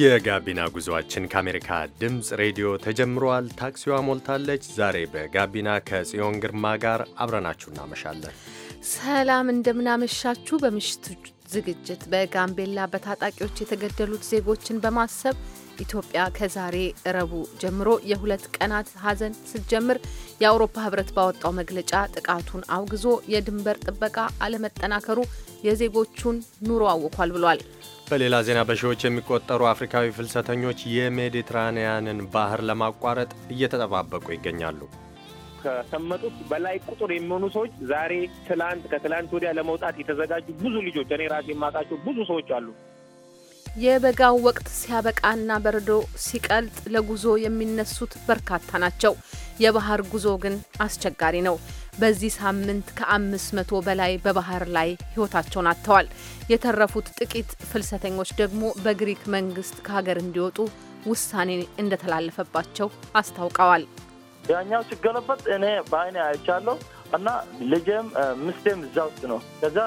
የጋቢና ጉዞአችን ከአሜሪካ ድምፅ ሬዲዮ ተጀምሯል። ታክሲዋ ሞልታለች። ዛሬ በጋቢና ከጽዮን ግርማ ጋር አብረናችሁ እናመሻለን። ሰላም እንደምናመሻችሁ። በምሽቱ ዝግጅት በጋምቤላ በታጣቂዎች የተገደሉት ዜጎችን በማሰብ ኢትዮጵያ ከዛሬ ረቡ ጀምሮ የሁለት ቀናት ሀዘን ስትጀምር የአውሮፓ ህብረት ባወጣው መግለጫ ጥቃቱን አውግዞ የድንበር ጥበቃ አለመጠናከሩ የዜጎቹን ኑሮ አውኳል ብሏል። በሌላ ዜና በሺዎች የሚቆጠሩ አፍሪካዊ ፍልሰተኞች የሜዲትራንያንን ባህር ለማቋረጥ እየተጠባበቁ ይገኛሉ። ከሰመጡት በላይ ቁጥር የሚሆኑ ሰዎች ዛሬ፣ ትላንት፣ ከትላንት ወዲያ ለመውጣት የተዘጋጁ ብዙ ልጆች እኔ ራሴ የማውቃቸው ብዙ ሰዎች አሉ። የበጋው ወቅት ሲያበቃና በረዶ ሲቀልጥ ለጉዞ የሚነሱት በርካታ ናቸው። የባህር ጉዞ ግን አስቸጋሪ ነው። በዚህ ሳምንት ከአምስት መቶ በላይ በባህር ላይ ህይወታቸውን አጥተዋል። የተረፉት ጥቂት ፍልሰተኞች ደግሞ በግሪክ መንግስት ከሀገር እንዲወጡ ውሳኔ እንደተላለፈባቸው አስታውቀዋል። ያኛው ሲገለበጥ እኔ በአይኔ አይቻለሁ እና ልጄም ምስቴም እዛ ውስጥ ነው። ከዛ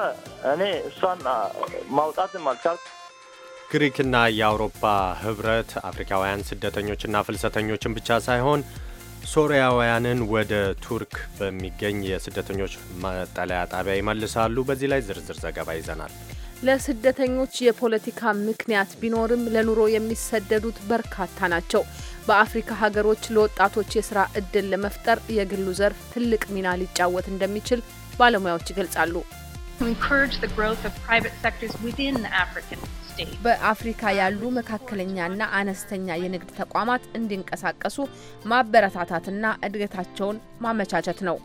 እኔ እሷን ማውጣትም አልቻልኩም። ግሪክና የአውሮፓ ህብረት አፍሪካውያን ስደተኞችና ፍልሰተኞችን ብቻ ሳይሆን ሶሪያውያንን ወደ ቱርክ በሚገኝ የስደተኞች መጠለያ ጣቢያ ይመልሳሉ። በዚህ ላይ ዝርዝር ዘገባ ይዘናል። ለስደተኞች የፖለቲካ ምክንያት ቢኖርም ለኑሮ የሚሰደዱት በርካታ ናቸው። በአፍሪካ ሀገሮች ለወጣቶች የስራ እድል ለመፍጠር የግሉ ዘርፍ ትልቅ ሚና ሊጫወት እንደሚችል ባለሙያዎች ይገልጻሉ። በአፍሪካ ያሉ መካከለኛና አነስተኛ የንግድ ተቋማት እንዲንቀሳቀሱ ማበረታታትና እድገታቸውን ማመቻቸት ነው።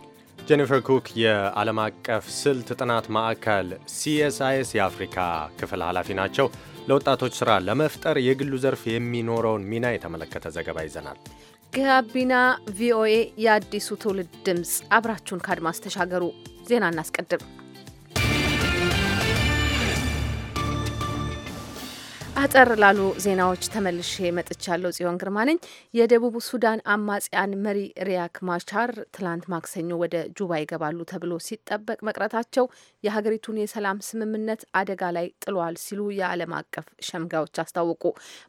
ጄኒፈር ኩክ የዓለም አቀፍ ስልት ጥናት ማዕከል ሲኤስአይኤስ የአፍሪካ ክፍል ኃላፊ ናቸው። ለወጣቶች ሥራ ለመፍጠር የግሉ ዘርፍ የሚኖረውን ሚና የተመለከተ ዘገባ ይዘናል። ጋቢና ቪኦኤ የአዲሱ ትውልድ ድምፅ፣ አብራችሁን ከአድማስ ተሻገሩ። ዜና እናስቀድም። አጠር ላሉ ዜናዎች ተመልሼ መጥቻለሁ። ጽዮን ግርማ ነኝ። የደቡብ ሱዳን አማጽያን መሪ ሪያክ ማቻር ትላንት ማክሰኞ ወደ ጁባ ይገባሉ ተብሎ ሲጠበቅ መቅረታቸው የሀገሪቱን የሰላም ስምምነት አደጋ ላይ ጥሏል ሲሉ የዓለም አቀፍ ሸምጋዮች አስታወቁ።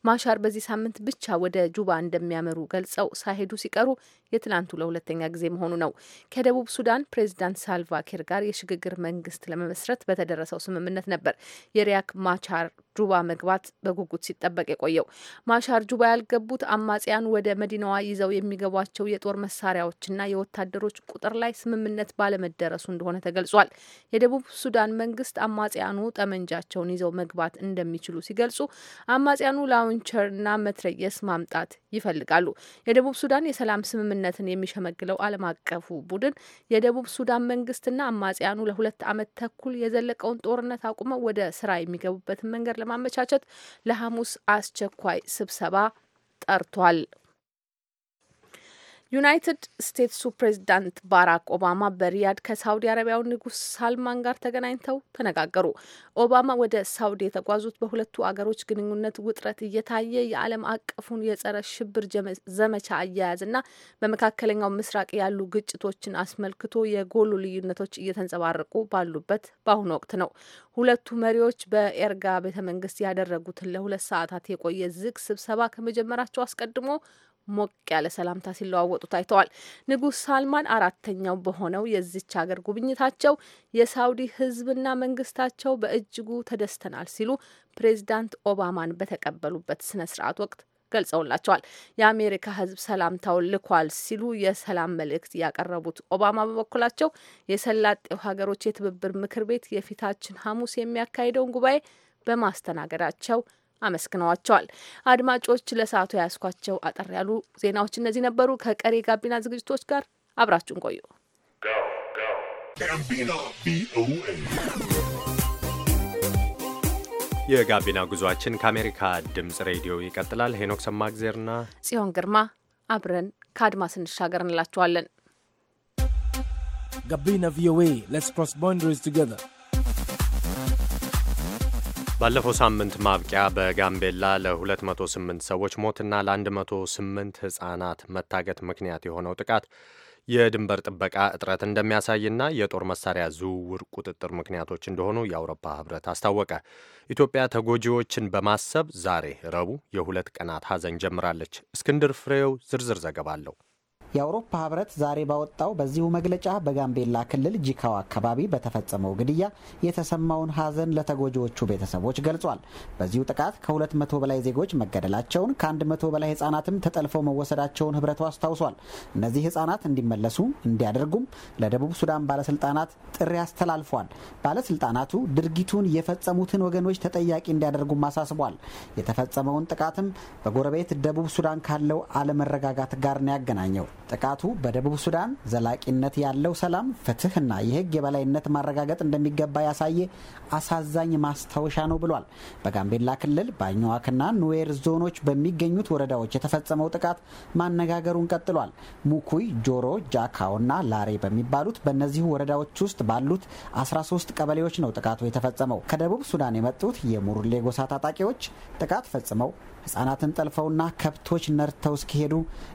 ማሻር በዚህ ሳምንት ብቻ ወደ ጁባ እንደሚያመሩ ገልጸው ሳይሄዱ ሲቀሩ የትላንቱ ለሁለተኛ ጊዜ መሆኑ ነው። ከደቡብ ሱዳን ፕሬዚዳንት ሳልቫ ኪር ጋር የሽግግር መንግስት ለመመስረት በተደረሰው ስምምነት ነበር የሪያክ ማቻር ጁባ መግባት በጉጉት ሲጠበቅ የቆየው። ማሻር ጁባ ያልገቡት አማጽያን ወደ መዲናዋ ይዘው የሚገቧቸው የጦር መሳሪያዎችና የወታደሮች ቁጥር ላይ ስምምነት ባለመደረሱ እንደሆነ ተገልጿል። የደቡብ ሱዳን መንግስት አማጽያኑ ጠመንጃቸውን ይዘው መግባት እንደሚችሉ ሲገልጹ አማጽያኑ ላውንቸርና መትረየስ ማምጣት ይፈልጋሉ። የደቡብ ሱዳን የሰላም ስምምነትን የሚሸመግለው ዓለም አቀፉ ቡድን የደቡብ ሱዳን መንግስትና አማጽያኑ ለሁለት ዓመት ተኩል የዘለቀውን ጦርነት አቁመው ወደ ስራ የሚገቡበትን መንገድ ለማመቻቸት ለሐሙስ አስቸኳይ ስብሰባ ጠርቷል። ዩናይትድ ስቴትሱ ፕሬዚዳንት ባራክ ኦባማ በሪያድ ከሳውዲ አረቢያው ንጉስ ሳልማን ጋር ተገናኝተው ተነጋገሩ። ኦባማ ወደ ሳውዲ የተጓዙት በሁለቱ አገሮች ግንኙነት ውጥረት እየታየ የዓለም አቀፉን የጸረ ሽብር ዘመቻ አያያዝና በመካከለኛው ምስራቅ ያሉ ግጭቶችን አስመልክቶ የጎሉ ልዩነቶች እየተንጸባረቁ ባሉበት በአሁኑ ወቅት ነው። ሁለቱ መሪዎች በኤርጋ ቤተ መንግስት ያደረጉትን ለሁለት ሰዓታት የቆየ ዝግ ስብሰባ ከመጀመራቸው አስቀድሞ ሞቅ ያለ ሰላምታ ሲለዋወጡ ታይተዋል። ንጉስ ሳልማን አራተኛው በሆነው የዚች ሀገር ጉብኝታቸው የሳውዲ ሕዝብና መንግስታቸው በእጅጉ ተደስተናል ሲሉ ፕሬዚዳንት ኦባማን በተቀበሉበት ስነ ስርዓት ወቅት ገልጸውላቸዋል። የአሜሪካ ሕዝብ ሰላምታው ልኳል ሲሉ የሰላም መልእክት ያቀረቡት ኦባማ በበኩላቸው የሰላጤው ሀገሮች የትብብር ምክር ቤት የፊታችን ሐሙስ የሚያካሂደውን ጉባኤ በማስተናገዳቸው አመስግነዋቸዋል። አድማጮች ለሰዓቱ የያስኳቸው አጠር ያሉ ዜናዎች እነዚህ ነበሩ። ከቀሬ ጋቢና ዝግጅቶች ጋር አብራችሁን ቆዩ። የጋቢና ጉዟችን ከአሜሪካ ድምጽ ሬዲዮ ይቀጥላል። ሄኖክ ሰማግዜርና ጽዮን ግርማ አብረን ከአድማስ ስንሻገር እንላችኋለን። ጋቢና ቪኦኤ ሌትስ ክሮስ ቦንደሪስ ቱጌዘር ባለፈው ሳምንት ማብቂያ በጋምቤላ ለ208 ሰዎች ሞትና ለ108 ሕፃናት መታገት ምክንያት የሆነው ጥቃት የድንበር ጥበቃ እጥረት እንደሚያሳይና የጦር መሳሪያ ዝውውር ቁጥጥር ምክንያቶች እንደሆኑ የአውሮፓ ህብረት አስታወቀ። ኢትዮጵያ ተጎጂዎችን በማሰብ ዛሬ ረቡዕ የሁለት ቀናት ሐዘን ጀምራለች። እስክንድር ፍሬው ዝርዝር ዘገባ አለው። የአውሮፓ ህብረት ዛሬ ባወጣው በዚሁ መግለጫ በጋምቤላ ክልል ጂካዋ አካባቢ በተፈጸመው ግድያ የተሰማውን ሀዘን ለተጎጂዎቹ ቤተሰቦች ገልጿል። በዚሁ ጥቃት ከ200 በላይ ዜጎች መገደላቸውን፣ ከ100 በላይ ህጻናትም ተጠልፈው መወሰዳቸውን ህብረቱ አስታውሷል። እነዚህ ህጻናት እንዲመለሱ እንዲያደርጉም ለደቡብ ሱዳን ባለስልጣናት ጥሪ አስተላልፏል። ባለስልጣናቱ ድርጊቱን የፈጸሙትን ወገኖች ተጠያቂ እንዲያደርጉም አሳስቧል። የተፈጸመውን ጥቃትም በጎረቤት ደቡብ ሱዳን ካለው አለመረጋጋት ጋር ነው ያገናኘው። ጥቃቱ በደቡብ ሱዳን ዘላቂነት ያለው ሰላም፣ ፍትህና የህግ የበላይነት ማረጋገጥ እንደሚገባ ያሳየ አሳዛኝ ማስታወሻ ነው ብሏል። በጋምቤላ ክልል በአኝዋክና ኑዌር ዞኖች በሚገኙት ወረዳዎች የተፈጸመው ጥቃት ማነጋገሩን ቀጥሏል። ሙኩይ፣ ጆሮ፣ ጃካውና ላሬ በሚባሉት በእነዚሁ ወረዳዎች ውስጥ ባሉት 13 ቀበሌዎች ነው ጥቃቱ የተፈጸመው። ከደቡብ ሱዳን የመጡት የሙርሌ ጎሳ ታጣቂዎች ጥቃት ፈጽመው ህጻናትን ጠልፈውና ከብቶች ነርተው እስኪሄዱ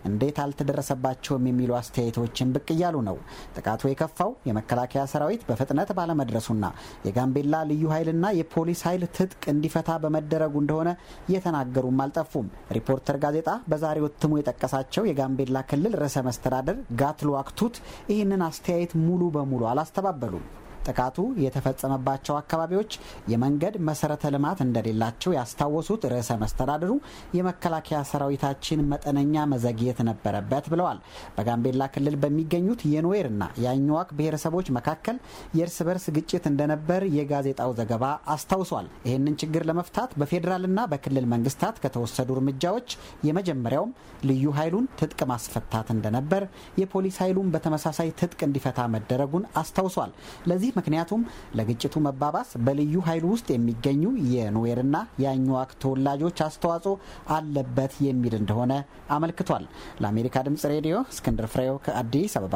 እንዴት አልተደረሰባቸውም የሚሉ አስተያየቶችን ብቅ እያሉ ነው። ጥቃቱ የከፋው የመከላከያ ሰራዊት በፍጥነት ባለመድረሱና የጋምቤላ ልዩ ኃይልና የፖሊስ ኃይል ትጥቅ እንዲፈታ በመደረጉ እንደሆነ እየተናገሩም አልጠፉም። ሪፖርተር ጋዜጣ በዛሬው እትሙ የጠቀሳቸው የጋምቤላ ክልል ርዕሰ መስተዳደር ጋትሎ አክቱት ይህንን አስተያየት ሙሉ በሙሉ አላስተባበሉም። ጥቃቱ የተፈጸመባቸው አካባቢዎች የመንገድ መሰረተ ልማት እንደሌላቸው ያስታወሱት ርዕሰ መስተዳድሩ የመከላከያ ሰራዊታችን መጠነኛ መዘግየት ነበረበት ብለዋል። በጋምቤላ ክልል በሚገኙት የኑዌርና የአኝዋክ ብሔረሰቦች መካከል የእርስ በርስ ግጭት እንደነበር የጋዜጣው ዘገባ አስታውሷል። ይህንን ችግር ለመፍታት በፌዴራልና በክልል መንግስታት ከተወሰዱ እርምጃዎች የመጀመሪያውም ልዩ ኃይሉን ትጥቅ ማስፈታት እንደነበር፣ የፖሊስ ኃይሉን በተመሳሳይ ትጥቅ እንዲፈታ መደረጉን አስታውሷል። ለዚህ ምክንያቱም ለግጭቱ መባባስ በልዩ ኃይሉ ውስጥ የሚገኙ የኑዌርና የአኝዋክ ተወላጆች አስተዋጽኦ አለበት የሚል እንደሆነ አመልክቷል። ለአሜሪካ ድምጽ ሬዲዮ እስክንድር ፍሬው ከአዲስ አበባ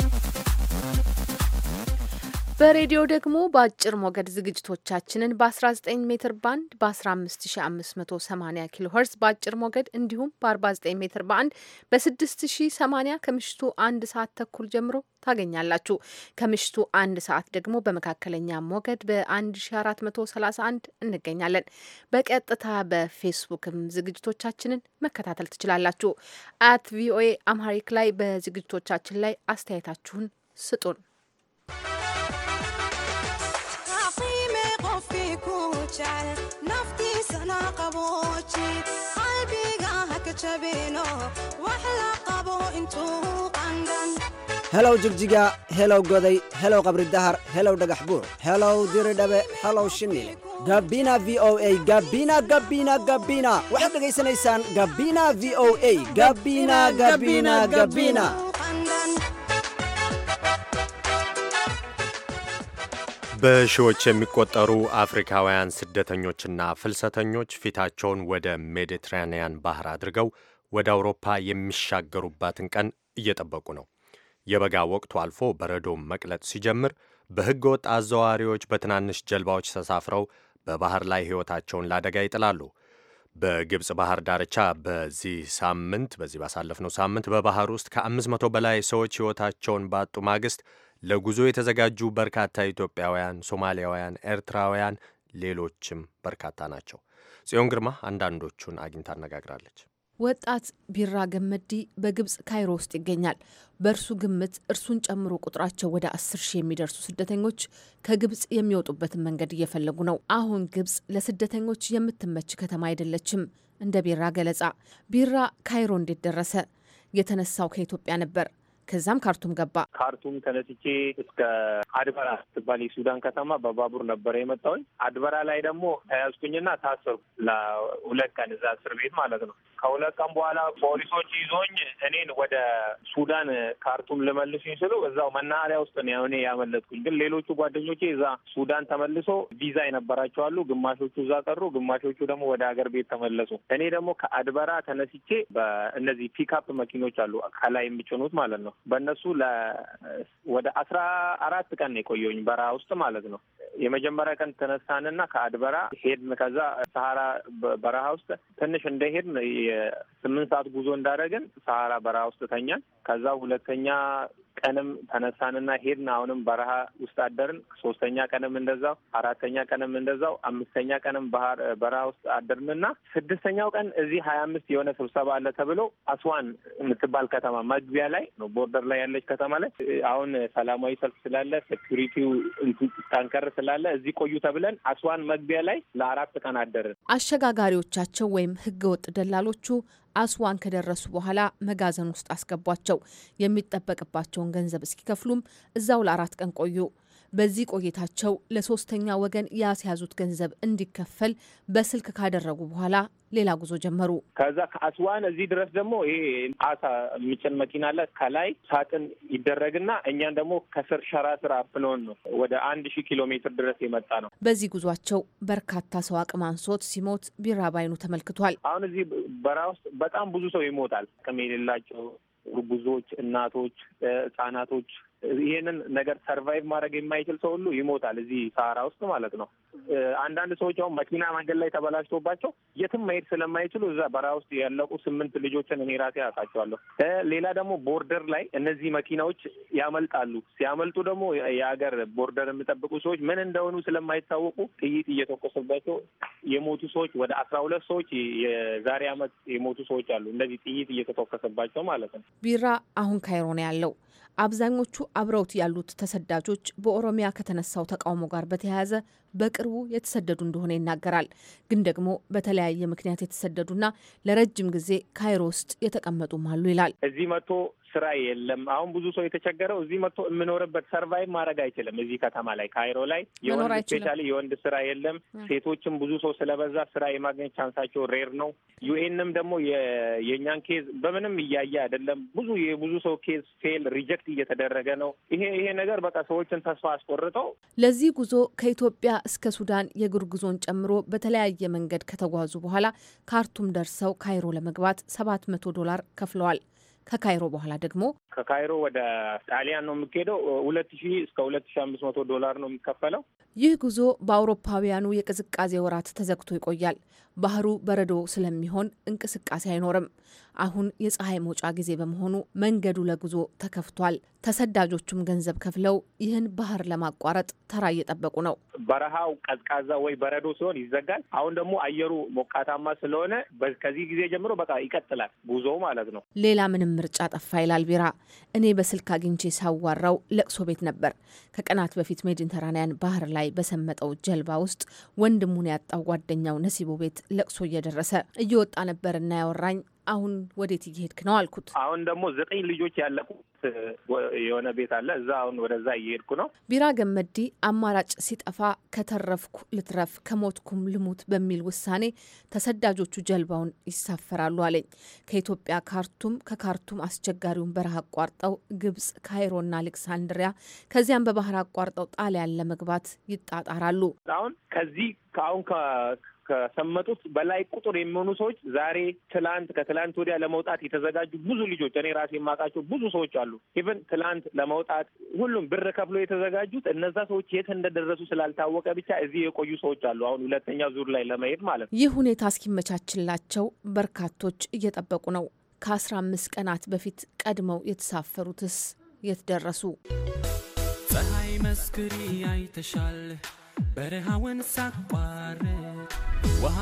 በሬዲዮ ደግሞ በአጭር ሞገድ ዝግጅቶቻችንን በ19 ሜትር ባንድ በ15580 ኪሎ ሄርዝ በአጭር ሞገድ እንዲሁም በ49 ሜትር ባንድ በ6080 ከምሽቱ አንድ ሰዓት ተኩል ጀምሮ ታገኛላችሁ። ከምሽቱ አንድ ሰዓት ደግሞ በመካከለኛ ሞገድ በ1431 እንገኛለን። በቀጥታ በፌስቡክም ዝግጅቶቻችንን መከታተል ትችላላችሁ። አት ቪኦኤ አምሃሪክ ላይ በዝግጅቶቻችን ላይ አስተያየታችሁን ስጡን። naftiisana qabooji qalbiga haka jabino wax la qabo intuu qandhan helow jigjiga helow goday helow qabri dahar helow dhagax buuc helow diridhabe helow shimil gabina v o a gabina gabina gabina waxaad dhegaysanaysaan gabina v o a gabina gabina gabina በሺዎች የሚቆጠሩ አፍሪካውያን ስደተኞችና ፍልሰተኞች ፊታቸውን ወደ ሜዲትራኒያን ባህር አድርገው ወደ አውሮፓ የሚሻገሩባትን ቀን እየጠበቁ ነው። የበጋ ወቅቱ አልፎ በረዶ መቅለጥ ሲጀምር በሕገ ወጥ አዘዋዋሪዎች በትናንሽ ጀልባዎች ተሳፍረው በባህር ላይ ሕይወታቸውን ለአደጋ ይጥላሉ። በግብፅ ባህር ዳርቻ በዚህ ሳምንት በዚህ ባሳለፍነው ሳምንት በባህር ውስጥ ከአምስት መቶ በላይ ሰዎች ሕይወታቸውን ባጡ ማግስት ለጉዞ የተዘጋጁ በርካታ ኢትዮጵያውያን፣ ሶማሊያውያን፣ ኤርትራውያን፣ ሌሎችም በርካታ ናቸው። ጽዮን ግርማ አንዳንዶቹን አግኝታ አነጋግራለች። ወጣት ቢራ ገመዲ በግብጽ ካይሮ ውስጥ ይገኛል። በእርሱ ግምት እርሱን ጨምሮ ቁጥራቸው ወደ አስር ሺህ የሚደርሱ ስደተኞች ከግብጽ የሚወጡበትን መንገድ እየፈለጉ ነው። አሁን ግብጽ ለስደተኞች የምትመች ከተማ አይደለችም። እንደ ቢራ ገለጻ ቢራ ካይሮ እንዴት ደረሰ? የተነሳው ከኢትዮጵያ ነበር። ከዛም ካርቱም ገባ። ካርቱም ተነስቼ እስከ አድበራ ስትባል የሱዳን ከተማ በባቡር ነበረ የመጣውኝ አድበራ ላይ ደግሞ ተያዝኩኝና ታሰርኩ ለሁለት ቀን እዛ እስር ቤት ማለት ነው። ከሁለት ቀን በኋላ ፖሊሶች ይዞኝ እኔን ወደ ሱዳን ካርቱም ልመልሱኝ ስሉ እዛው መናኸሪያ ውስጥ ነው እኔ ያመለጥኩኝ። ግን ሌሎቹ ጓደኞቼ እዛ ሱዳን ተመልሶ ቪዛ የነበራቸው አሉ። ግማሾቹ እዛ ቀሩ፣ ግማሾቹ ደግሞ ወደ ሀገር ቤት ተመለሱ። እኔ ደግሞ ከአድበራ ተነስቼ በእነዚህ ፒክአፕ መኪኖች አሉ ከላይ የሚጭኑት ማለት ነው። በእነሱ ወደ አስራ አራት ቀን የቆየውኝ በረሃ ውስጥ ማለት ነው። የመጀመሪያ ቀን ተነሳንና ከአድበራ ሄድን። ከዛ ሰሃራ በረሃ ውስጥ ትንሽ እንደሄድን የስምንት ሰዓት ጉዞ እንዳደረግን ሰሃራ በረሃ ውስጥ ተኛን። ከዛ ሁለተኛ ቀንም ተነሳንና ሄድን። አሁንም በረሃ ውስጥ አደርን። ሶስተኛ ቀንም እንደዛው፣ አራተኛ ቀንም እንደዛው፣ አምስተኛ ቀንም በረሃ ውስጥ አደርንና ስድስተኛው ቀን እዚህ ሀያ አምስት የሆነ ስብሰባ አለ ተብሎ አስዋን የምትባል ከተማ መግቢያ ላይ ነው፣ ቦርደር ላይ ያለች ከተማ ላይ አሁን ሰላማዊ ሰልፍ ስላለ ሴኩሪቲው ጠንከር ስላለ እዚህ ቆዩ ተብለን አስዋን መግቢያ ላይ ለአራት ቀን አደርን። አሸጋጋሪዎቻቸው ወይም ህገወጥ ደላሎቹ አስዋን ከደረሱ በኋላ መጋዘን ውስጥ አስገቧቸው። የሚጠበቅባቸውን ገንዘብ እስኪከፍሉም እዛው ለአራት ቀን ቆዩ። በዚህ ቆይታቸው ለሶስተኛ ወገን ያስያዙት ገንዘብ እንዲከፈል በስልክ ካደረጉ በኋላ ሌላ ጉዞ ጀመሩ። ከዛ ከአስዋን እዚህ ድረስ ደግሞ ይሄ አሳ የሚጭን መኪና አለ። ከላይ ሳጥን ይደረግና እኛን ደግሞ ከስር ሸራ ስር ፕሎን ነው ወደ አንድ ሺህ ኪሎ ሜትር ድረስ የመጣ ነው። በዚህ ጉዟቸው በርካታ ሰው አቅም አንሶት ሲሞት ቢራ ባይኑ ተመልክቷል። አሁን እዚህ በረሃ ውስጥ በጣም ብዙ ሰው ይሞታል። አቅም የሌላቸው እርጉዞች፣ እናቶች፣ ህጻናቶች ይሄንን ነገር ሰርቫይቭ ማድረግ የማይችል ሰው ሁሉ ይሞታል፣ እዚህ ሳራ ውስጥ ማለት ነው። አንዳንድ ሰዎች አሁን መኪና መንገድ ላይ ተበላሽቶባቸው የትም መሄድ ስለማይችሉ እዛ በረሃ ውስጥ ያለቁ ስምንት ልጆችን እኔ ራሴ አውቃቸዋለሁ። ሌላ ደግሞ ቦርደር ላይ እነዚህ መኪናዎች ያመልጣሉ። ሲያመልጡ ደግሞ የሀገር ቦርደር የሚጠብቁ ሰዎች ምን እንደሆኑ ስለማይታወቁ ጥይት እየተኮሱባቸው የሞቱ ሰዎች ወደ አስራ ሁለት ሰዎች የዛሬ አመት የሞቱ ሰዎች አሉ። እንደዚህ ጥይት እየተተኮሰባቸው ማለት ነው። ቢራ አሁን ካይሮ ነው ያለው። አብዛኞቹ አብረውት ያሉት ተሰዳጆች በኦሮሚያ ከተነሳው ተቃውሞ ጋር በተያያዘ በቅርቡ የተሰደዱ እንደሆነ ይናገራል። ግን ደግሞ በተለያየ ምክንያት የተሰደዱና ለረጅም ጊዜ ካይሮ ውስጥ የተቀመጡም አሉ ይላል። እዚህ መጥቶ ስራ የለም። አሁን ብዙ ሰው የተቸገረው እዚህ መጥቶ የምኖርበት ሰርቫይቭ ማድረግ አይችልም። እዚህ ከተማ ላይ ካይሮ ላይ የወንድ ስፔሻሊ የወንድ ስራ የለም። ሴቶችም ብዙ ሰው ስለበዛ ስራ የማግኘት ቻንሳቸው ሬር ነው። ዩኤንም ደግሞ የእኛን ኬዝ በምንም እያየ አይደለም። ብዙ የብዙ ሰው ኬዝ ፌል ሪጀክት እየተደረገ ነው። ይሄ ይሄ ነገር በቃ ሰዎችን ተስፋ አስቆርጠው ለዚህ ጉዞ ከኢትዮጵያ እስከ ሱዳን የእግር ጉዞን ጨምሮ በተለያየ መንገድ ከተጓዙ በኋላ ካርቱም ደርሰው ካይሮ ለመግባት ሰባት መቶ ዶላር ከፍለዋል። ከካይሮ በኋላ ደግሞ ከካይሮ ወደ ጣሊያን ነው የሚካሄደው። ሁለት ሺህ እስከ ሁለት ሺህ አምስት መቶ ዶላር ነው የሚከፈለው። ይህ ጉዞ በአውሮፓውያኑ የቅዝቃዜ ወራት ተዘግቶ ይቆያል። ባህሩ በረዶ ስለሚሆን እንቅስቃሴ አይኖርም። አሁን የፀሐይ መውጫ ጊዜ በመሆኑ መንገዱ ለጉዞ ተከፍቷል። ተሰዳጆቹም ገንዘብ ከፍለው ይህን ባህር ለማቋረጥ ተራ እየጠበቁ ነው። በረሃው ቀዝቃዛ ወይ በረዶ ሲሆን ይዘጋል። አሁን ደግሞ አየሩ ሞቃታማ ስለሆነ ከዚህ ጊዜ ጀምሮ በቃ ይቀጥላል ጉዞ ማለት ነው። ሌላ ምንም ምርጫ ጠፋ ይላል ቢራ። እኔ በስልክ አግኝቼ ሳዋራው ለቅሶ ቤት ነበር። ከቀናት በፊት ሜዲተራንያን ባህር ላይ በሰመጠው ጀልባ ውስጥ ወንድሙን ያጣው ጓደኛው ነሲቦ ቤት ለቅሶ እየደረሰ እየወጣ ነበርና ያወራኝ አሁን ወዴት እየሄድክ ነው አልኩት። አሁን ደግሞ ዘጠኝ ልጆች ያለቁት የሆነ ቤት አለ። እዛ አሁን ወደዛ እየሄድኩ ነው። ቢራ ገመዲ አማራጭ ሲጠፋ ከተረፍኩ ልትረፍ ከሞትኩም ልሙት በሚል ውሳኔ ተሰዳጆቹ ጀልባውን ይሳፈራሉ አለኝ። ከኢትዮጵያ ካርቱም፣ ከካርቱም አስቸጋሪውን በረሃ አቋርጠው ግብጽ፣ ካይሮና አሌክሳንድሪያ ከዚያም በባህር አቋርጠው ጣሊያን ለመግባት ይጣጣራሉ። አሁን ከዚህ አሁን ከሰመጡት በላይ ቁጥር የሚሆኑ ሰዎች ዛሬ፣ ትላንት፣ ከትላንት ወዲያ ለመውጣት የተዘጋጁ ብዙ ልጆች እኔ ራሴ የማውቃቸው ብዙ ሰዎች አሉ። ኢቨን ትላንት ለመውጣት ሁሉም ብር ከፍሎ የተዘጋጁት እነዛ ሰዎች የት እንደደረሱ ስላልታወቀ ብቻ እዚህ የቆዩ ሰዎች አሉ። አሁን ሁለተኛ ዙር ላይ ለመሄድ ማለት ነው። ይህ ሁኔታ እስኪመቻችላቸው በርካቶች እየጠበቁ ነው። ከአስራ አምስት ቀናት በፊት ቀድመው የተሳፈሩትስ የት ደረሱ? ፀሐይ መስክሪ አይተሻል በረሃውን ሳቋርጥ ውሃ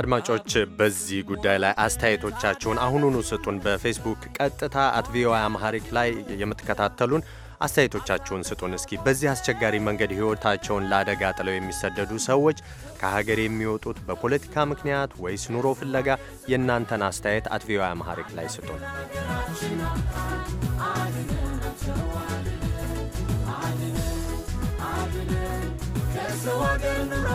አድማጮች በዚህ ጉዳይ ላይ አስተያየቶቻችሁን አሁኑኑ ስጡን። በፌስቡክ ቀጥታ አት ቪኦኤ አማሐሪክ ላይ የምትከታተሉን አስተያየቶቻችሁን ስጡን። እስኪ በዚህ አስቸጋሪ መንገድ ሕይወታቸውን ለአደጋ ጥለው የሚሰደዱ ሰዎች ከሀገር የሚወጡት በፖለቲካ ምክንያት ወይስ ኑሮ ፍለጋ? የእናንተን አስተያየት አት ቪኦኤ አማሐሪክ ላይ ስጡን። አገር ኑሮ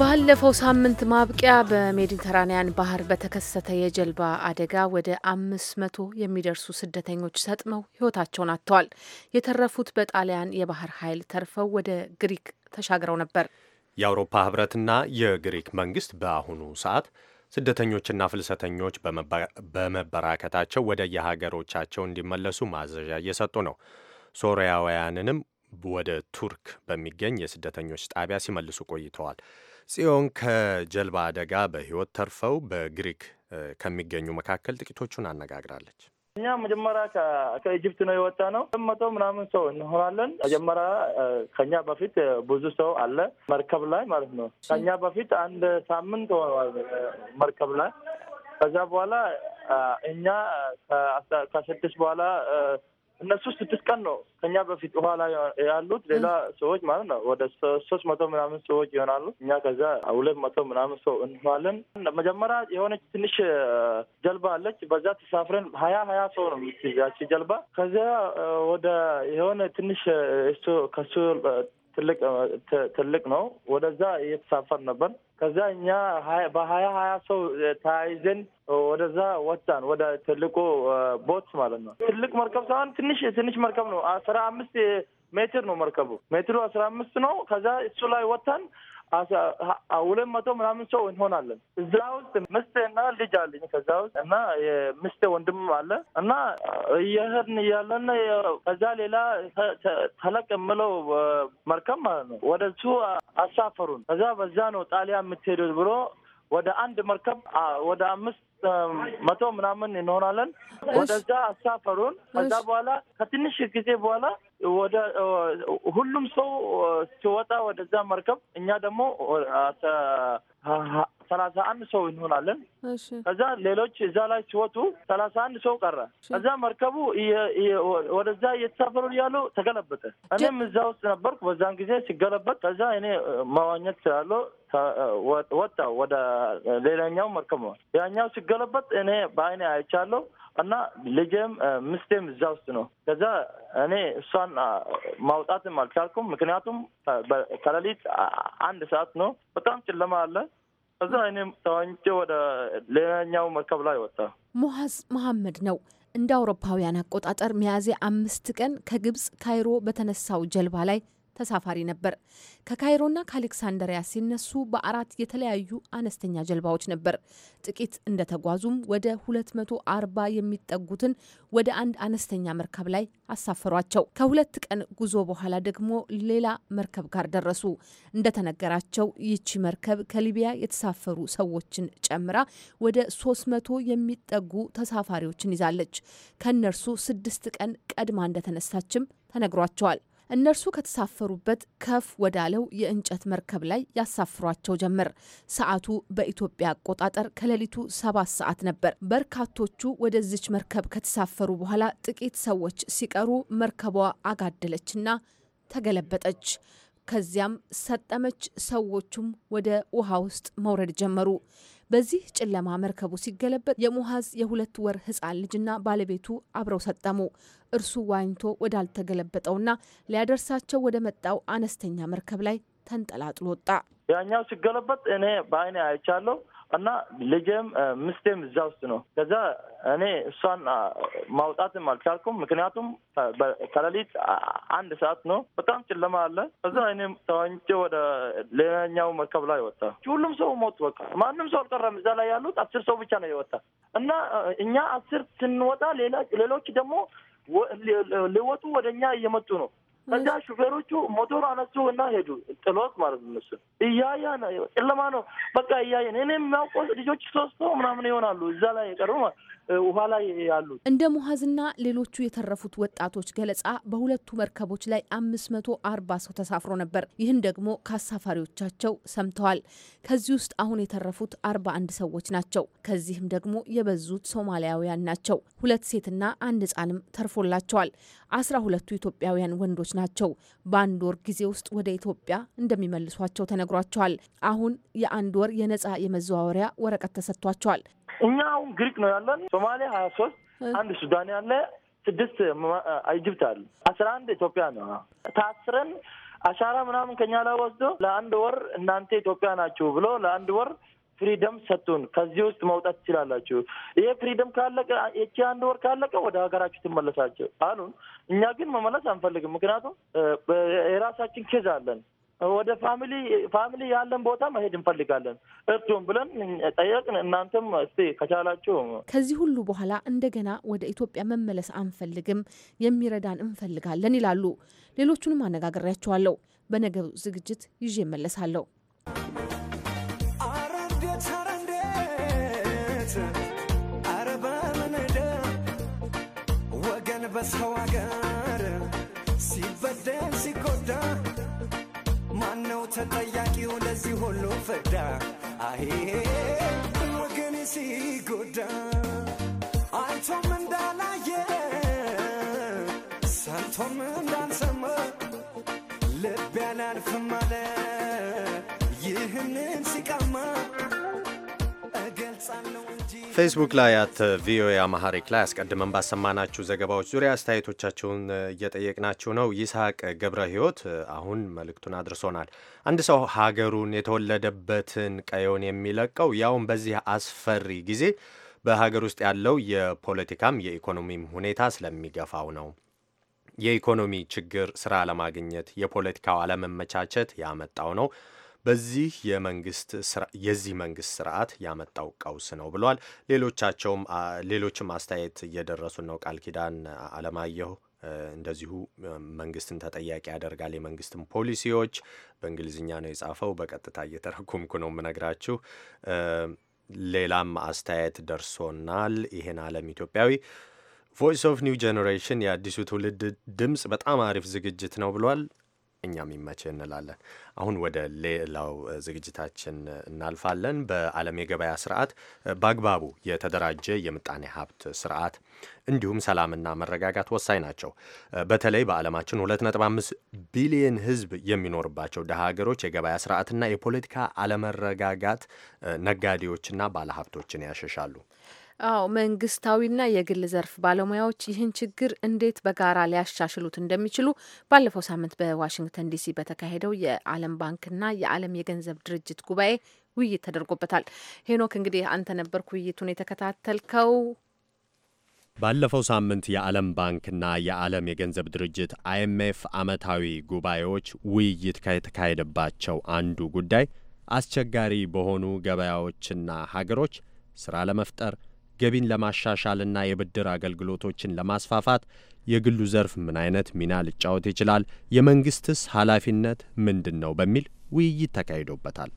ባለፈው ሳምንት ማብቂያ በሜዲተራንያን ባህር በተከሰተ የጀልባ አደጋ ወደ አምስት መቶ የሚደርሱ ስደተኞች ሰጥመው ሕይወታቸውን አጥተዋል። የተረፉት በጣሊያን የባህር ኃይል ተርፈው ወደ ግሪክ ተሻግረው ነበር። የአውሮፓ ሕብረትና የግሪክ መንግስት በአሁኑ ሰዓት ስደተኞችና ፍልሰተኞች በመበራከታቸው ወደ የሀገሮቻቸው እንዲመለሱ ማዘዣ እየሰጡ ነው። ሶሪያውያንንም ወደ ቱርክ በሚገኝ የስደተኞች ጣቢያ ሲመልሱ ቆይተዋል። ጽዮን ከጀልባ አደጋ በሕይወት ተርፈው በግሪክ ከሚገኙ መካከል ጥቂቶቹን አነጋግራለች። እኛ መጀመሪያ ከኢጅፕት ነው የወጣ ነው። መቶ ምናምን ሰው እንሆናለን። መጀመሪያ ከኛ በፊት ብዙ ሰው አለ መርከብ ላይ ማለት ነው። ከኛ በፊት አንድ ሳምንት ሆነዋል መርከብ ላይ። ከዛ በኋላ እኛ ከስድስት በኋላ እነሱ ስድስት ቀን ነው ከኛ በፊት በኋላ ያሉት ሌላ ሰዎች ማለት ነው። ወደ ሶስት መቶ ምናምን ሰዎች ይሆናሉ። እኛ ከዛ ሁለት መቶ ምናምን ሰው እንሆናለን። መጀመሪያ የሆነች ትንሽ ጀልባ አለች። በዛ ተሳፍረን ሀያ ሀያ ሰው ነው ያቺ ጀልባ። ከዚያ ወደ የሆነ ትንሽ እሱ ከሱ ትልቅ ትልቅ ነው። ወደዛ እየተሳፈር ነበር። ከዛ እኛ በሀያ ሀያ ሰው ተያይዘን ወደዛ ወጣን፣ ወደ ትልቁ ቦት ማለት ነው። ትልቅ መርከብ ሳይሆን ትንሽ ትንሽ መርከብ ነው። አስራ አምስት ሜትር ነው መርከቡ፣ ሜትሩ አስራ አምስት ነው። ከዛ እሱ ላይ ወጣን። ሁለት መቶ ምናምን ሰው እንሆናለን። እዛ ውስጥ ምስቴ እና ልጅ አለኝ ከዛ ውስጥ እና የምስቴ ወንድም አለ እና እየህን እያለን ከዛ ሌላ ተለቅ የምለው መርከብ ማለት ነው ወደ እሱ አሳፈሩን። ከዛ በዛ ነው ጣሊያን የምትሄዱት ብሎ ወደ አንድ መርከብ ወደ አምስት መቶ ምናምን እንሆናለን። ወደዛ አሳፈሩን። ከዛ በኋላ ከትንሽ ጊዜ በኋላ ወደ ሁሉም ሰው ሲወጣ ወደዛ መርከብ እኛ ደግሞ ሰላሳ አንድ ሰው እንሆናለን። ከዛ ሌሎች እዛ ላይ ሲወጡ ሰላሳ አንድ ሰው ቀረ። ከዛ መርከቡ ወደዛ እየተሳፈሩ እያሉ ተገለበጠ። እኔም እዛ ውስጥ ነበርኩ በዛን ጊዜ ሲገለበጥ። ከዛ እኔ መዋኘት ስላለው ወጣ ወደ ሌላኛው መርከብ ነው። ያኛው ሲገለበጥ እኔ በአይኔ አይቻለሁ እና ልጄም ምስቴም እዛ ውስጥ ነው። ከዛ እኔ እሷን ማውጣትም አልቻልኩም። ምክንያቱም ከሌሊት አንድ ሰዓት ነው፣ በጣም ጨለማ አለ። እዛ እኔም ተዋንጬ ወደ ሌላኛው መርከብ ላይ ወጣ። ሙሀዝ መሐመድ ነው እንደ አውሮፓውያን አቆጣጠር ሚያዝያ አምስት ቀን ከግብጽ ካይሮ በተነሳው ጀልባ ላይ ተሳፋሪ ነበር። ከካይሮና ከአሌክሳንደሪያ ሲነሱ በአራት የተለያዩ አነስተኛ ጀልባዎች ነበር። ጥቂት እንደተጓዙም ወደ 240 የሚጠጉትን ወደ አንድ አነስተኛ መርከብ ላይ አሳፈሯቸው። ከሁለት ቀን ጉዞ በኋላ ደግሞ ሌላ መርከብ ጋር ደረሱ። እንደተነገራቸው ይቺ መርከብ ከሊቢያ የተሳፈሩ ሰዎችን ጨምራ ወደ 300 የሚጠጉ ተሳፋሪዎችን ይዛለች። ከእነርሱ ስድስት ቀን ቀድማ እንደተነሳችም ተነግሯቸዋል። እነርሱ ከተሳፈሩበት ከፍ ወዳለው የእንጨት መርከብ ላይ ያሳፍሯቸው ጀመር። ሰዓቱ በኢትዮጵያ አቆጣጠር ከሌሊቱ ሰባት ሰዓት ነበር። በርካቶቹ ወደዚች መርከብ ከተሳፈሩ በኋላ ጥቂት ሰዎች ሲቀሩ መርከቧ አጋደለችና ተገለበጠች። ከዚያም ሰጠመች። ሰዎቹም ወደ ውሃ ውስጥ መውረድ ጀመሩ። በዚህ ጨለማ መርከቡ ሲገለበጥ የሙሐዝ የሁለት ወር ሕፃን ልጅና ባለቤቱ አብረው ሰጠሙ። እርሱ ዋኝቶ ወዳልተገለበጠውና ሊያደርሳቸው ወደ መጣው አነስተኛ መርከብ ላይ ተንጠላጥሎ ወጣ። ያኛው ሲገለበጥ እኔ በአይኔ አይቻለሁ። እና ልጄም ምስቴም እዛ ውስጥ ነው። ከዛ እኔ እሷን ማውጣትም አልቻልኩም። ምክንያቱም ከሌሊት አንድ ሰዓት ነው፣ በጣም ጨለማ አለ። ከዛ እኔ ተዋኝቼ ወደ ሌላኛው መርከብ ላይ ወጣ። ሁሉም ሰው ሞት፣ በቃ ማንም ሰው አልቀረም። እዛ ላይ ያሉት አስር ሰው ብቻ ነው የወጣ እና እኛ አስር ስንወጣ ሌሎች ደግሞ ሊወጡ ወደ እኛ እየመጡ ነው እና ሹፌሮቹ ሞቶር አነሱ እና ሄዱ ጥሎት ማለት ነው። እነሱ እያያ ጨለማ ነው በቃ እያየን እኔ የሚያውቆ ልጆች ሶስቶ ምናምን ይሆናሉ እዛ ላይ የቀሩ ማለት ውሃ ላይ ያሉት። እንደ ሙሀዝና ሌሎቹ የተረፉት ወጣቶች ገለጻ በሁለቱ መርከቦች ላይ አምስት መቶ አርባ ሰው ተሳፍሮ ነበር። ይህን ደግሞ ከአሳፋሪዎቻቸው ሰምተዋል። ከዚህ ውስጥ አሁን የተረፉት አርባ አንድ ሰዎች ናቸው። ከዚህም ደግሞ የበዙት ሶማሊያውያን ናቸው። ሁለት ሴትና አንድ ህጻንም ተርፎላቸዋል። አስራ ሁለቱ ኢትዮጵያውያን ወንዶች ናቸው። በአንድ ወር ጊዜ ውስጥ ወደ ኢትዮጵያ እንደሚመልሷቸው ተነግሯቸዋል። አሁን የአንድ ወር የነጻ የመዘዋወሪያ ወረቀት ተሰጥቷቸዋል። እኛ አሁን ግሪክ ነው ያለን፣ ሶማሌ ሀያ ሶስት አንድ ሱዳን ያለ ስድስት ኢጅፕት አለ አስራ አንድ ኢትዮጵያ ነው ታስረን አሻራ ምናምን ከኛ ላይ ወስዶ ለአንድ ወር እናንተ ኢትዮጵያ ናችሁ ብሎ ለአንድ ወር ፍሪደም ሰጡን። ከዚህ ውስጥ መውጣት ትችላላችሁ። ይሄ ፍሪደም ካለቀ ይቺ አንድ ወር ካለቀ ወደ ሀገራችሁ ትመለሳችሁ አሉን። እኛ ግን መመለስ አንፈልግም። ምክንያቱም የራሳችን ኬዝ አለን። ወደ ፋሚሊ ፋሚሊ ያለን ቦታ መሄድ እንፈልጋለን እርዱን ብለን ጠየቅን። እናንተም እስቲ ከቻላችሁ። ከዚህ ሁሉ በኋላ እንደገና ወደ ኢትዮጵያ መመለስ አንፈልግም፣ የሚረዳን እንፈልጋለን ይላሉ። ሌሎቹንም አነጋግሬያቸዋለሁ። በነገሩ ዝግጅት ይዤ እመለሳለሁ። ወገን በሰው ሀገር ሲበደል ሲጎዳ ተጠያቂው ለዚህ ሁሉ ፍዳ አይ ወገን ሲጎዳ አይቶም እንዳላየ ሰምቶም እንዳልሰማ ልብ ያላልፍም አለ ይህንን ሲቀማ እገልጻለሁ ፌስቡክ ላይ አት ቪኦኤ አማሐሪክ ላይ አስቀድመን ባሰማናችሁ ዘገባዎች ዙሪያ አስተያየቶቻችሁን እየጠየቅናችሁ ነው። ይስሐቅ ገብረ ሕይወት አሁን መልእክቱን አድርሶናል። አንድ ሰው ሀገሩን የተወለደበትን ቀየውን የሚለቀው ያውን በዚህ አስፈሪ ጊዜ በሀገር ውስጥ ያለው የፖለቲካም የኢኮኖሚም ሁኔታ ስለሚገፋው ነው። የኢኮኖሚ ችግር ስራ ለማግኘት የፖለቲካው አለመመቻቸት ያመጣው ነው። በዚህ የመንግስት የዚህ መንግስት ስርዓት ያመጣው ቀውስ ነው ብሏል። ሌሎቻቸውም ሌሎችም አስተያየት እየደረሱ ነው። ቃል ኪዳን አለማየሁ እንደዚሁ መንግስትን ተጠያቂ ያደርጋል። የመንግስትን ፖሊሲዎች በእንግሊዝኛ ነው የጻፈው። በቀጥታ እየተረጎምኩ ነው የምነግራችሁ። ሌላም አስተያየት ደርሶናል። ይሄን አለም ኢትዮጵያዊ ቮይስ ኦፍ ኒው ጄኔሬሽን የአዲሱ ትውልድ ድምፅ በጣም አሪፍ ዝግጅት ነው ብሏል። እኛም ይመች እንላለን። አሁን ወደ ሌላው ዝግጅታችን እናልፋለን። በዓለም የገበያ ስርዓት በአግባቡ የተደራጀ የምጣኔ ሀብት ስርዓት እንዲሁም ሰላምና መረጋጋት ወሳኝ ናቸው። በተለይ በዓለማችን 2.5 ቢሊየን ሕዝብ የሚኖርባቸው ደሀ ሀገሮች የገበያ ስርዓትና የፖለቲካ አለመረጋጋት ነጋዴዎችና ባለሀብቶችን ያሸሻሉ። አዎ መንግስታዊና የግል ዘርፍ ባለሙያዎች ይህን ችግር እንዴት በጋራ ሊያሻሽሉት እንደሚችሉ ባለፈው ሳምንት በዋሽንግተን ዲሲ በተካሄደው የዓለም ባንክና የዓለም የገንዘብ ድርጅት ጉባኤ ውይይት ተደርጎበታል። ሄኖክ እንግዲህ አንተ ነበርኩ ውይይቱን የተከታተልከው። ባለፈው ሳምንት የዓለም ባንክና የዓለም የገንዘብ ድርጅት አይኤምኤፍ ዓመታዊ ጉባኤዎች ውይይት ከተካሄደባቸው አንዱ ጉዳይ አስቸጋሪ በሆኑ ገበያዎችና ሀገሮች ስራ ለመፍጠር ገቢን ለማሻሻልና የብድር አገልግሎቶችን ለማስፋፋት የግሉ ዘርፍ ምን አይነት ሚና ሊጫወት ይችላል? የመንግስትስ ኃላፊነት ምንድን ነው? በሚል ውይይት ተካሂዶበታል።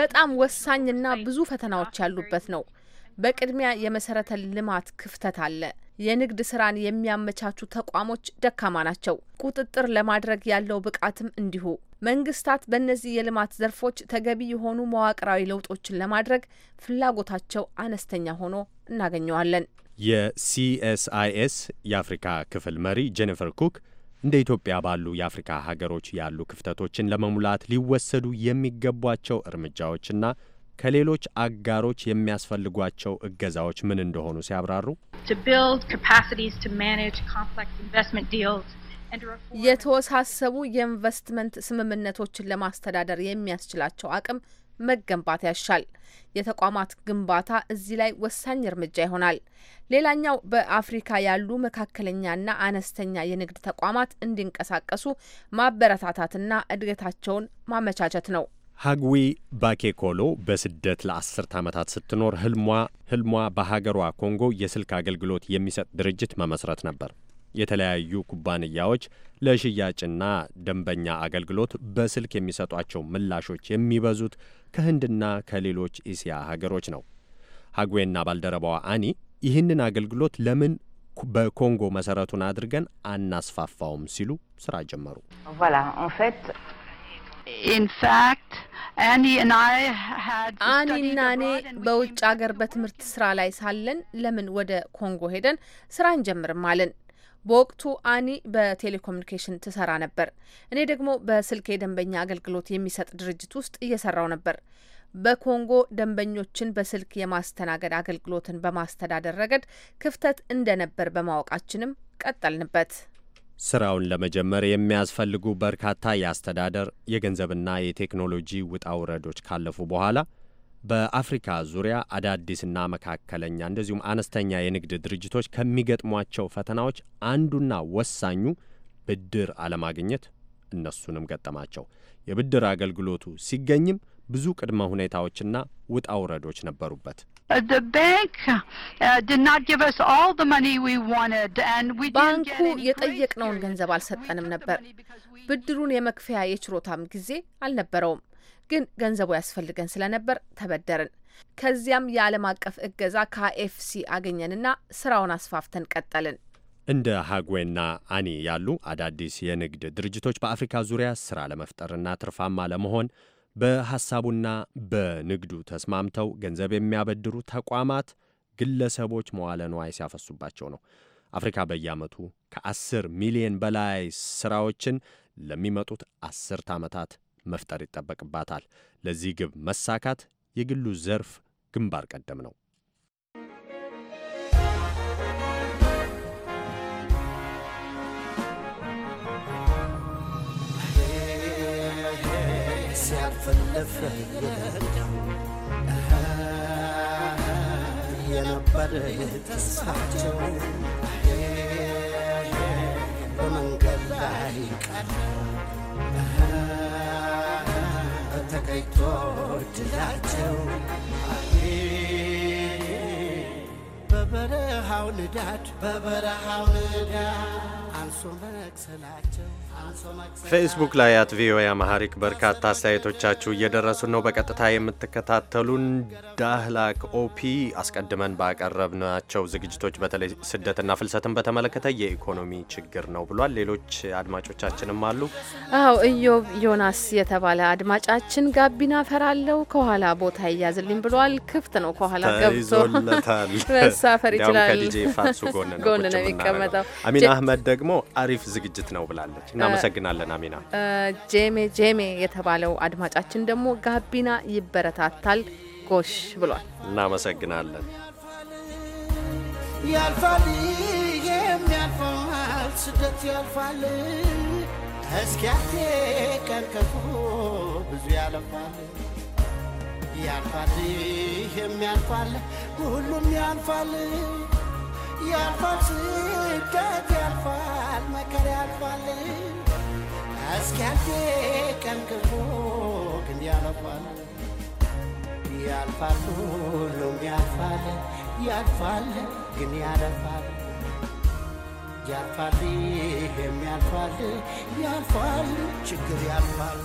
በጣም ወሳኝና ብዙ ፈተናዎች ያሉበት ነው። በቅድሚያ የመሰረተ ልማት ክፍተት አለ። የንግድ ስራን የሚያመቻቹ ተቋሞች ደካማ ናቸው። ቁጥጥር ለማድረግ ያለው ብቃትም እንዲሁ መንግስታት በእነዚህ የልማት ዘርፎች ተገቢ የሆኑ መዋቅራዊ ለውጦችን ለማድረግ ፍላጎታቸው አነስተኛ ሆኖ እናገኘዋለን። የሲኤስአይኤስ የአፍሪካ ክፍል መሪ ጄኒፈር ኩክ እንደ ኢትዮጵያ ባሉ የአፍሪካ ሀገሮች ያሉ ክፍተቶችን ለመሙላት ሊወሰዱ የሚገቧቸው እርምጃዎችና ከሌሎች አጋሮች የሚያስፈልጓቸው እገዛዎች ምን እንደሆኑ ሲያብራሩ የተወሳሰቡ የኢንቨስትመንት ስምምነቶችን ለማስተዳደር የሚያስችላቸው አቅም መገንባት ያሻል። የተቋማት ግንባታ እዚህ ላይ ወሳኝ እርምጃ ይሆናል። ሌላኛው በአፍሪካ ያሉ መካከለኛና አነስተኛ የንግድ ተቋማት እንዲንቀሳቀሱ ማበረታታትና እድገታቸውን ማመቻቸት ነው። ሀግዊ ባኬኮሎ በስደት ለአስርት ዓመታት ስትኖር ህልሟ ህልሟ በሀገሯ ኮንጎ የስልክ አገልግሎት የሚሰጥ ድርጅት መመስረት ነበር። የተለያዩ ኩባንያዎች ለሽያጭና ደንበኛ አገልግሎት በስልክ የሚሰጧቸው ምላሾች የሚበዙት ከህንድና ከሌሎች እስያ ሀገሮች ነው። ሀጉዌና ባልደረባዋ አኒ ይህንን አገልግሎት ለምን በኮንጎ መሰረቱን አድርገን አናስፋፋውም ሲሉ ስራ ጀመሩ። አኒና እኔ በውጭ አገር በትምህርት ስራ ላይ ሳለን ለምን ወደ ኮንጎ ሄደን ስራ እንጀምርም አለን። በወቅቱ አኒ በቴሌኮሙኒኬሽን ትሰራ ነበር። እኔ ደግሞ በስልክ የደንበኛ አገልግሎት የሚሰጥ ድርጅት ውስጥ እየሰራው ነበር። በኮንጎ ደንበኞችን በስልክ የማስተናገድ አገልግሎትን በማስተዳደር ረገድ ክፍተት እንደነበር በማወቃችንም ቀጠልንበት። ስራውን ለመጀመር የሚያስፈልጉ በርካታ የአስተዳደር የገንዘብና የቴክኖሎጂ ውጣ ውረዶች ካለፉ በኋላ በአፍሪካ ዙሪያ አዳዲስና መካከለኛ እንደዚሁም አነስተኛ የንግድ ድርጅቶች ከሚገጥሟቸው ፈተናዎች አንዱና ወሳኙ ብድር አለማግኘት እነሱንም ገጠማቸው። የብድር አገልግሎቱ ሲገኝም ብዙ ቅድመ ሁኔታዎችና ውጣ ውረዶች ነበሩበት። ባንኩ የጠየቅነውን ገንዘብ አልሰጠንም ነበር። ብድሩን የመክፈያ የችሮታም ጊዜ አልነበረውም። ግን ገንዘቡ ያስፈልገን ስለነበር ተበደርን። ከዚያም የዓለም አቀፍ እገዛ ከኤፍሲ አገኘንና ስራውን አስፋፍተን ቀጠልን። እንደ ሀጉዌና አኒ ያሉ አዳዲስ የንግድ ድርጅቶች በአፍሪካ ዙሪያ ስራ ለመፍጠርና ትርፋማ ለመሆን በሀሳቡና በንግዱ ተስማምተው ገንዘብ የሚያበድሩ ተቋማት ግለሰቦች መዋለ ንዋይ ሲያፈሱባቸው ነው። አፍሪካ በየዓመቱ ከ10 ሚሊዮን በላይ ስራዎችን ለሚመጡት አስርት ዓመታት መፍጠር ይጠበቅባታል። ለዚህ ግብ መሳካት የግሉ ዘርፍ ግንባር ቀደም ነው። የነበረ ተስፋቸው በመንገድ ላይ ቀረ። ተገይቶ ድላቸው በበረሃው ንዳድ በበረሃው ንዳድ ፌስቡክ ላይ አት ቪኦኤ አማሐሪክ በርካታ አስተያየቶቻችሁ እየደረሱ ነው። በቀጥታ የምትከታተሉን ዳህላክ ኦፒ አስቀድመን ባቀረብናቸው ዝግጅቶች በተለይ ስደትና ፍልሰትን በተመለከተ የኢኮኖሚ ችግር ነው ብሏል። ሌሎች አድማጮቻችንም አሉ። አዎ እዮብ ዮናስ የተባለ አድማጫችን ጋቢና ፈራለው ከኋላ ቦታ ይያዝልኝ ብሏል። ክፍት ነው፣ ከኋላ ገብቶ መሳፈር ይችላል። ከዲጄ ፋሱ ጎን ነው የሚቀመጠው። አሚን አህመድ ደግሞ አሪፍ ዝግጅት ነው ብላለች። እናመሰግናለን አሚና። ጄሜ ጄሜ የተባለው አድማጫችን ደግሞ ጋቢና ይበረታታል ጎሽ ብሏል። እናመሰግናለን። ያልፋል የሚያልፋል ስደት ያልፋል እስኪያቴ ቀንከፉ ብዙ ያለፋል ያልፋል የሚያልፋል ሁሉም ያልፋል ያልፋል ስደት ያልፋል መከር ያልፋል እስኪ አንዴ ቀን ክፉ ግን ያለፋል ያልፋል ሁሉም ያልፋል ያልፋል ግን ያለፋል ያልፋል ይሄም ያልፋል ያልፋል ችግር ያልፋል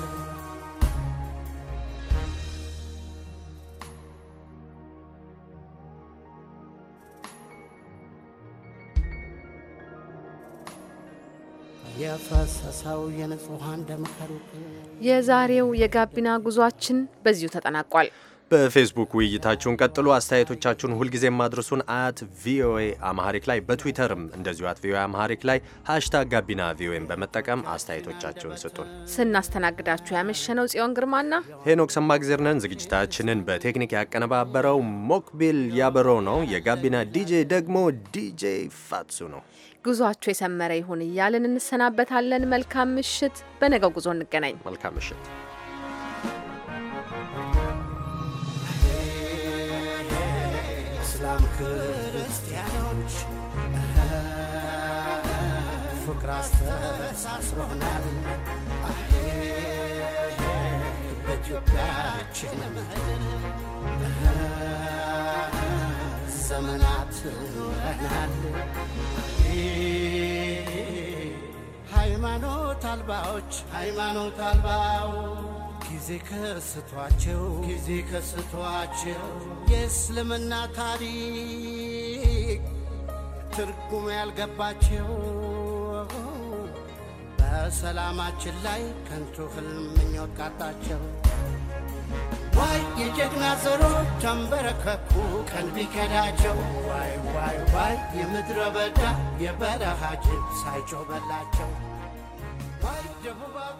ያፈሰሰው የንጹሐን ደም የዛሬው የጋቢና ጉዟችን በዚሁ ተጠናቋል። በፌስቡክ ውይይታችሁን ቀጥሉ። አስተያየቶቻችሁን ሁልጊዜ ማድረሱን አት ቪኦኤ አማሐሪክ ላይ በትዊተርም እንደዚሁ አት ቪኦኤ አማሐሪክ ላይ ሀሽታግ ጋቢና ቪኦኤን በመጠቀም አስተያየቶቻችሁን ስጡን። ስናስተናግዳችሁ ያመሸነው ጽዮን ግርማና ሄኖክ ሰማግዜር ነን። ዝግጅታችንን በቴክኒክ ያቀነባበረው ሞክቢል ያበረው ነው። የጋቢና ዲጄ ደግሞ ዲጄ ፋትሱ ነው። ጉዟችሁ የሰመረ ይሁን እያልን እንሰናበታለን። መልካም ምሽት። በነገው ጉዞ እንገናኝ። መልካም ምሽት። እስላም ክርስቲያኖች ፍቅር አስተሳስሮናል። በኢትዮጵያችን ምድር ዘመናት ኖረናል። ሃይማኖት አልባዎች ሃይማኖት አልባው ጊዜ ከስቷቸው ጊዜ ከስቷቸው የእስልምና ታሪክ ትርጉም ያልገባቸው በሰላማችን ላይ ከንቱ ህልም ምኞት ቃጣቸው። ዋይ የጀግና ዘሮች ተንበረከኩ ቀን ከዳቸው! ዋይ ዋይ ዋይ የምድረ በዳ የበረሃ ጅብ ሳይጮህ በላቸው ዋይ ደቡብ